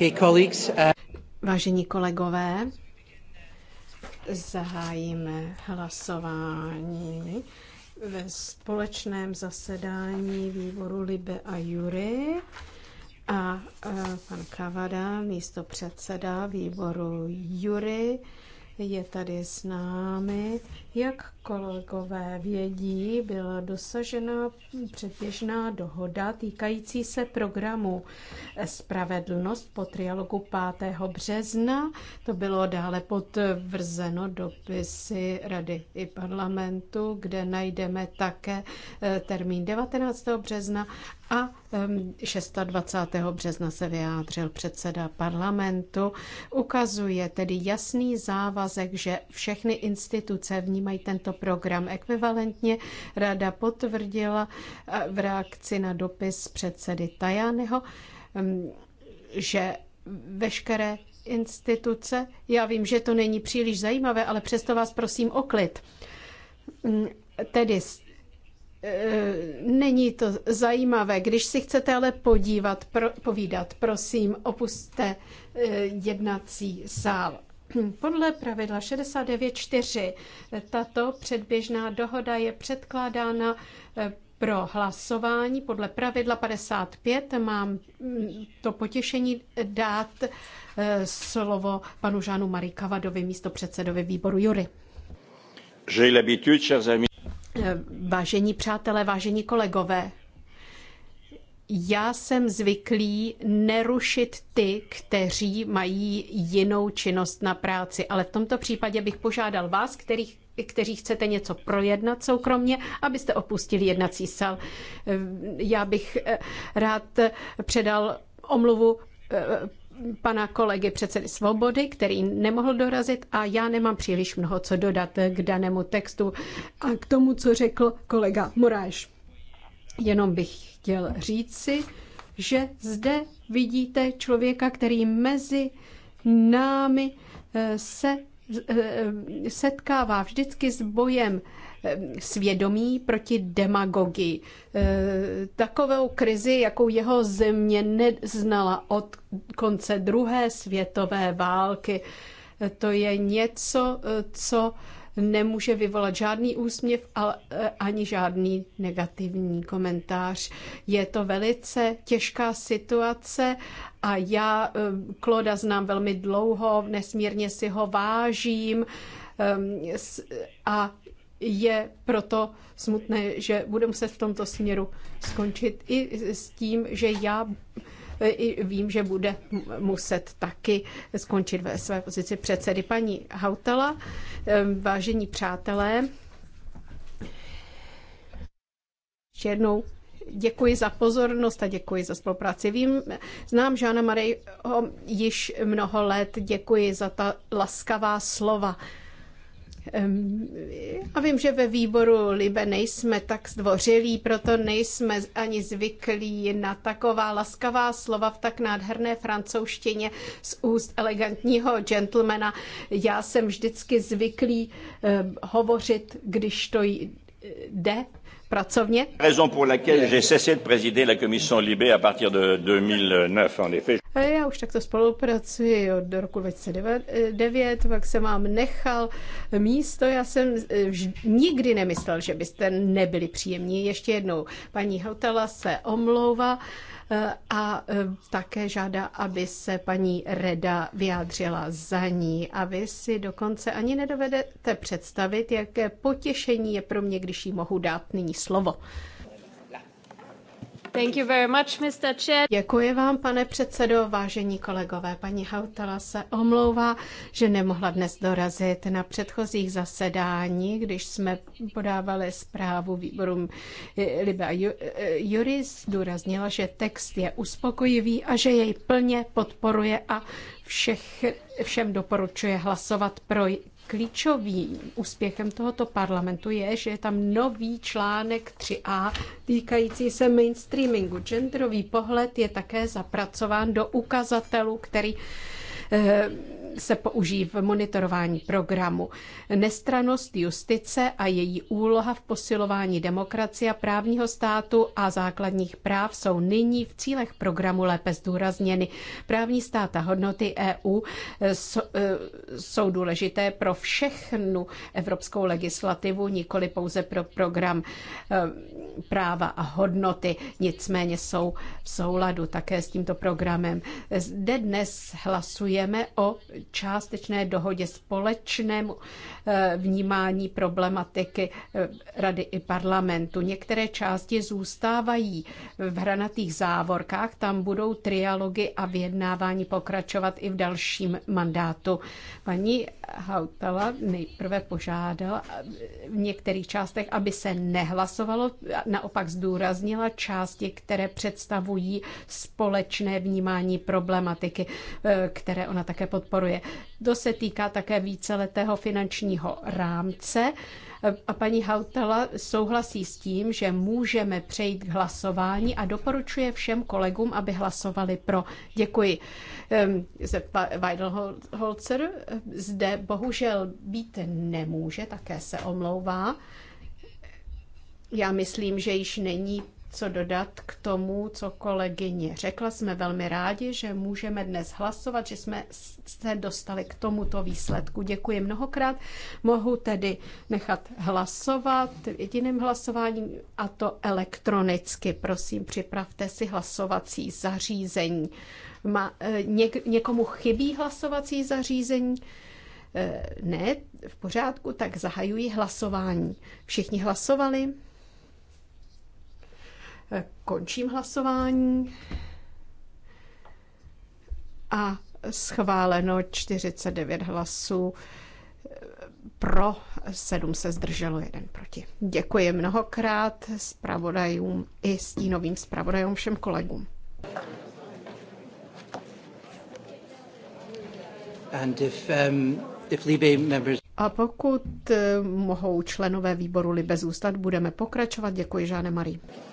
Uh, Vážení kolegové, zahájíme hlasování ve společném zasedání výboru Libe a Jury a pan Kavada, místo předseda výboru Jury, je tady s námi. Jak kolegové vědí, byla dosažena předběžná dohoda týkající se programu Spravedlnost po trialogu 5. března. To bylo dále potvrzeno dopisy Rady i parlamentu, kde najdeme také eh, termín 19. března a 26. března se vyjádřil předseda parlamentu. Ukazuje tedy jasný závazek, že všechny instituce vnímají tento tento program. Ekvivalentně rada potvrdila eh, v reakci na dopis předsedy Tajaneho, mm, že veškeré instituce, já vím, že to není příliš zajímavé, ale přesto vás prosím o klid. Mm, tedy eh, není to zajímavé. Když si chcete ale podívat, pro, povídat, prosím, opuste eh, jednací sál. Podle pravidla 69.4 tato předběžná dohoda je předkládána eh, pro hlasování podle pravidla 55 mám mm, to potěšení dát eh, slovo panu Žánu Marí Kavadovi, místo předsedovi výboru Jury. Eh, vážení přátelé, vážení kolegové, já jsem zvyklý nerušit ty, kteří mají jinou činnost na práci, ale v tomto případě bych požádal vás, kterých kteří chcete něco projednat soukromně, abyste opustili jednací sal. Eh, já bych eh, rád předal omluvu eh, pana kolegy předsedy Svobody, který nemohl dorazit a já nemám příliš mnoho co dodat k danému textu a k tomu, co řekl kolega Moráš. Jenom bych chtěl říci, že zde vidíte člověka, který mezi námi eh, se eh, setkává vždycky s bojem eh, svědomí proti demagogii. Takovou krizi, jakou jeho země neznala od konce druhé světové války, to je něco, co nemůže vyvolat žádný úsměv ale ani žádný negativní komentář. Je to velice těžká situace a já e, Kloda znám velmi dlouho, nesmírně si ho vážím a je proto smutné, že budu muset v tomto směru skončit i s tím, že já vím, že bude muset taky skončit ve své pozici předsedy. Paní Hautala, ehm, vážení přátelé, ještě jednou Děkuji za pozornost a děkuji za spolupráci. Vím, znám Žána Marejho již mnoho let. Děkuji za ta laskavá slova. A vím, že ve výboru Libe nejsme tak zdvořilí, proto nejsme ani zvyklí na taková laskavá slova v tak nádherné francouzštině z úst elegantního gentlemana. Já jsem vždycky zvyklý hovořit, když to jde pracovně. 2009 Já už takto spolupracuji od roku 2009, pak jsem vám nechal místo. Já jsem eh, nikdy nemyslel, že byste nebyli příjemní. Ještě jednou, paní Hotela se omlouvá a e, také žádá, aby se paní Reda vyjádřila za ní. A vy si dokonce ani nedovedete představit, jaké potěšení je pro mě, když jí mohu dát nyní slovo. Thank you very much, Mr. Chair. Děkuji vám, pane předsedo, vážení kolegové. Paní Hautala se omlouvá, že nemohla dnes dorazit na předchozích zasedání, když jsme podávali zprávu výborům Liba Juris, důraznila, že text je uspokojivý a že jej plně podporuje a všech, všem doporučuje hlasovat pro klíčovým úspěchem tohoto parlamentu je, že je tam nový článek 3a týkající se mainstreamingu. Genderový pohled je také zapracován do ukazatelů, který eh, se použijí v monitorování programu. Nestranost justice a její úloha v posilování demokracie a právního státu a základních práv jsou nyní v cílech programu lépe zdůrazněny. Právní stát a hodnoty EU eh, eh, jsou důležité pro všechnu evropskou legislativu, nikoli pouze pro program eh, práva a hodnoty, nicméně jsou v souladu také s tímto programem. Zde dnes hlasujeme o částečné dohodě, společnému eh, vnímání problematiky eh, rady i parlamentu. Některé části zůstávají v hranatých závorkách, tam budou trialogy a vyjednávání pokračovat i v dalším mandátu. Paní Hautala nejprve požádala eh, v některých částech, aby se nehlasovalo, naopak zdůraznila části, které představují společné vnímání problematiky, které ona také podporuje rozvoje. To se týká také víceletého finančního rámce. A paní Hautala souhlasí s tím, že můžeme přejít k hlasování a doporučuje všem kolegům, aby hlasovali pro. Děkuji. Ehm, Weidelholzer eh, zde bohužel být nemůže, také se omlouvá. Já myslím, že již není co dodat k tomu, co kolegyně řekla. Jsme velmi rádi, že můžeme dnes hlasovat, že jsme se dostali k tomuto výsledku. Děkuji mnohokrát. Mohu tedy nechat hlasovat jediným hlasováním a to elektronicky. Prosím, připravte si hlasovací zařízení. Ma, e, něk, někomu chybí hlasovací zařízení? E, ne, v pořádku, tak zahajuji hlasování. Všichni hlasovali? Končím hlasování. A schváleno 49 hlasů pro, 7 se zdrželo, jeden proti. Děkuji mnohokrát zpravodajům i stínovým zpravodajům všem kolegům. And if, um, if Libé members... A pokud eh, mohou členové výboru Libe zůstat, budeme pokračovat. Děkuji, Žáne Marie.